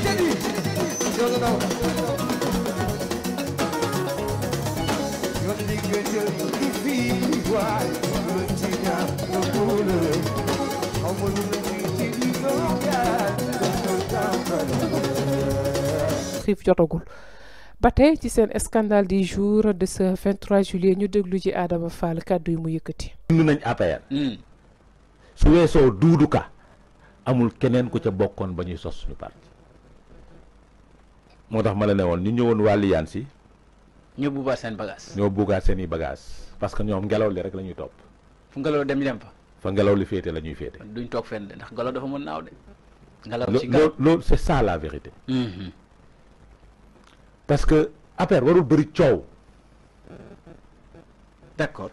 jadi xiif jotagul ba tey ci seen scandale di jour de ce 23 ñu déglu ci Adama Fall kàddu yi mu yëkkati. dund nañ APR. Hmm. su weesoo duuduka amul keneen ku ca bokkoon ba ñuy sos suñu parti. motax tax ma la ne ñu ñewon wali Liyaan ci ñu buubaat sen bagage. ñoo buga sen yi bagage parce que ñom ngelaw li rek lañuy top fu ngelaw dem dem fa. fa ngelaw li fété lañuy fété duñ tok fenn de ndax ngelaw dafa mën naaw de. ngelaw ci ngelaw loolu c' est ça la vérité. Mm-hmm. parce que affaire waru bari ciow d'accord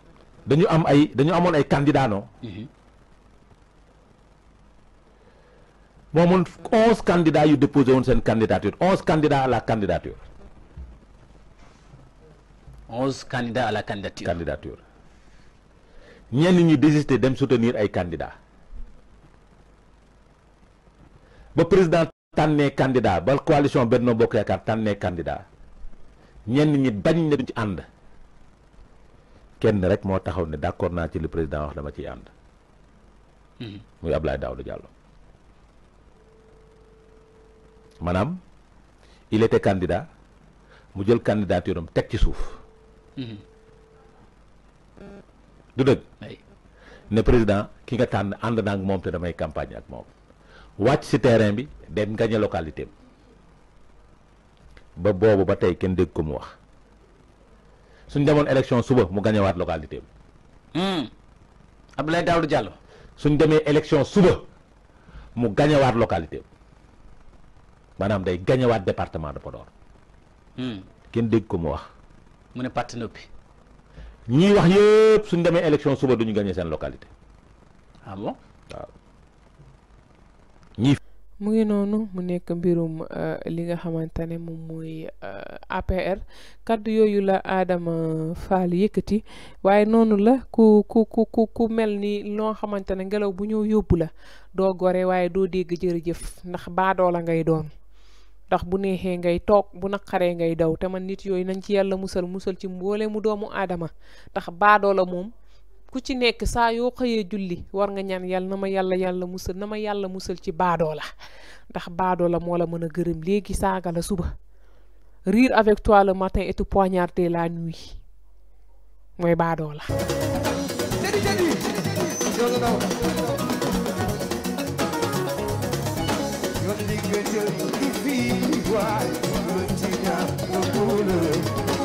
dañu am ay dañu amone ay candidat non. Mm-hmm. momon amoon 11 candidats yu déposé woon seen candidature 11 candidats à la candidature. 11 candidats à la candidature. candidature ñenn ñi désister dem soutenir ay candidats ba président tànnee candidat ba coalition Benno Bokk Yaakaar tànnee candidat ñenn ñi bañ ne duñ ci ànd kenn rek moo taxaw ne d'accord na ci li président wax dama ciy ànd. Hmm. muy Abdoulaye Daouda Diallo. Manam, il était candidat mu jël candidature tek ci souf hmm du ne président ki nga tan and na ak mom te damay campagne ak mom wacc ci terrain bi dem gagné localité ba bobu ba tay kenn dégg ko mu wax suñ demoon élection suba mu wat localité hmm Abdoulaye daoudou Diallo. suñ demee élection suba mu wat localité hmm maanaam day gañewaat département de Podor. Hmm. kenn dégg ko mu wax. mu ne parti noppi. ñii wax yëpp suñ demee élection suba duñu gañe seen localité. ah bon waaw. mu ngi noonu mu nekk mbirum euh, li nga xamante ne moom euh, APR kaddu yooyu la Adama Fall yëkkati waaye nonu la ku ku ku ku mel ni loo xamante ne ngelaw bu ñëw yóbbu la doo gore waaye doo dégg jërëjëf ndax baadoo la ngay doon. ndax bu neexee ngay toog bu naqaree ngay daw te man nit yooyu nañ ci yàlla musal musal ci mboole mu doomu aadama ndax baadoo la moom ku ci nekk saa yoo xëyee julli war nga ñaan yàlla na ma yàlla yàlla musal na ma yàlla musal ci baadoo la ndax baadoo la moo la mën a gërëm léegi saaga la suba rire avec toi le matin et te mooy baadoo la je te dis, vois, le tigre, le boule.